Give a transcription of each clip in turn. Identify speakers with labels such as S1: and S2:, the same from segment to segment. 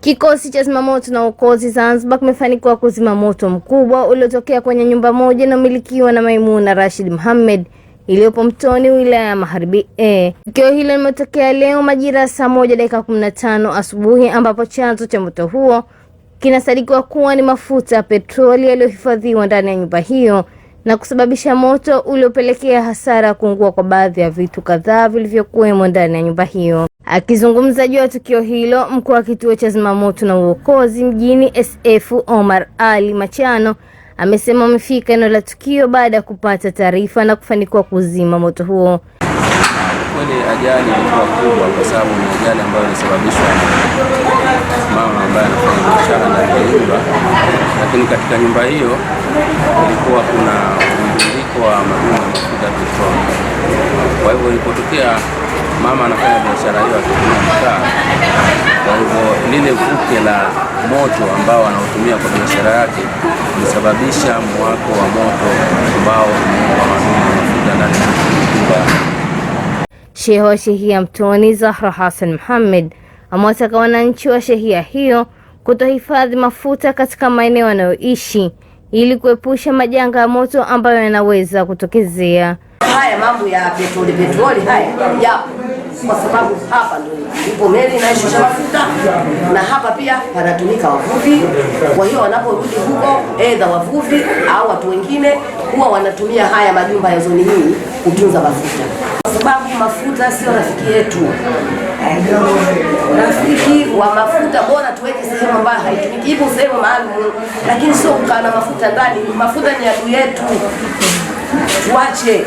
S1: Kikosi cha zimamoto na uokozi Zanzibar kimefanikiwa kuzima moto mkubwa uliotokea kwenye nyumba moja inayomilikiwa na Maimuna Rashid Mohamed iliyopo Mtoni, wilaya ya Magharibi A. E, tukio hilo limetokea leo majira ya saa moja dakika kumi na tano asubuhi ambapo chanzo cha moto huo kinasadikiwa kuwa ni mafuta ya petroli yaliyohifadhiwa ndani ya nyumba hiyo na kusababisha moto uliopelekea hasara kuungua kwa baadhi ya vitu kadhaa vilivyokuwemo ndani ya nyumba hiyo. Akizungumza juu ya tukio hilo, mkuu wa kituo cha zimamoto na uokozi mjini SF Omar Ali Machano amesema wamefika eneo la tukio baada ya kupata taarifa na kufanikiwa kuzima moto huo. Kweli ajali ilikuwa kubwa, kwa sababu ni ajali ambayo ilisababishwa mama ambaye anafanya biashara ndani ya nyumba, lakini katika nyumba hiyo kulikuwa kuna mdundiko wa madumu ya mafuta petroli. Kwa hivyo ilipotokea mama anafanya biashara hiyo akitumia mkaa, kwa hivyo lile vuke la moto ambao anaotumia kwa biashara yake ulisababisha mwako wa moto ambao umeua madumu ya mafuta ndani ya nyumba. Shehe wa shehia Mtoni Zahra Hassan Muhammad amewataka wananchi wa shehia hiyo kutohifadhi mafuta katika maeneo wanayoishi ili kuepusha majanga ya moto ambayo yanaweza kutokezea.
S2: Haya mambo ya petroli petroli haya yapo kwa sababu hapa ndio ipo meli inayoshusha mafuta na hapa pia panatumika wavuvi. Kwa hiyo wanaporudi huko, aidha wavuvi au watu wengine, huwa wanatumia haya majumba ya zoni hii kutunza mafuta, kwa sababu mafuta sio rafiki yetu rafiki wa mafuta, bora tuweke sehemu ambayo haitumiki. Ipo sehemu maalum, lakini sio kukaa na mafuta ndani. Mafuta ni adui yetu, tuache.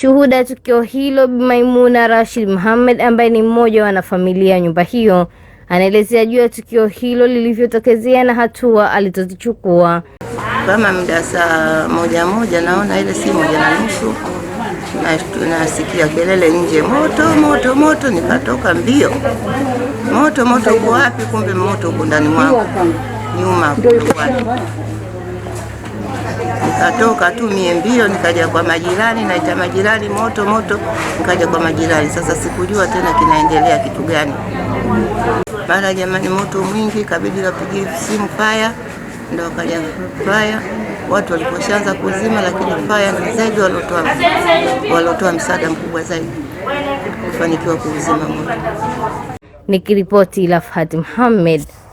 S1: Shuhuda tukio hilo Bi Maimuna Rashid Muhammad ambaye ni mmoja wa wanafamilia nyumba hiyo anaelezea juu ya tukio hilo lilivyotokezea na hatua alizozichukua.
S3: Kama muda saa moja moja, naona ile si moja na nusu nasikia kelele nje, moto moto moto, nikatoka mbio, moto moto uko wapi? Kumbe moto uko ndani mwangu nyuma. Nikatoka tu mie mbio, nikaja kwa majirani, naita majirani, moto moto, nikaja kwa majirani. Sasa sikujua tena kinaendelea kitu gani, mara jamani, moto mwingi, kabidi wapige simu faya, ndo wakaja faya watu waliposhaanza kuzima, lakini faya zaidi waliotoa waliotoa msaada mkubwa zaidi kufanikiwa kuuzima moto.
S1: Nikiripoti Lafhat Muhammad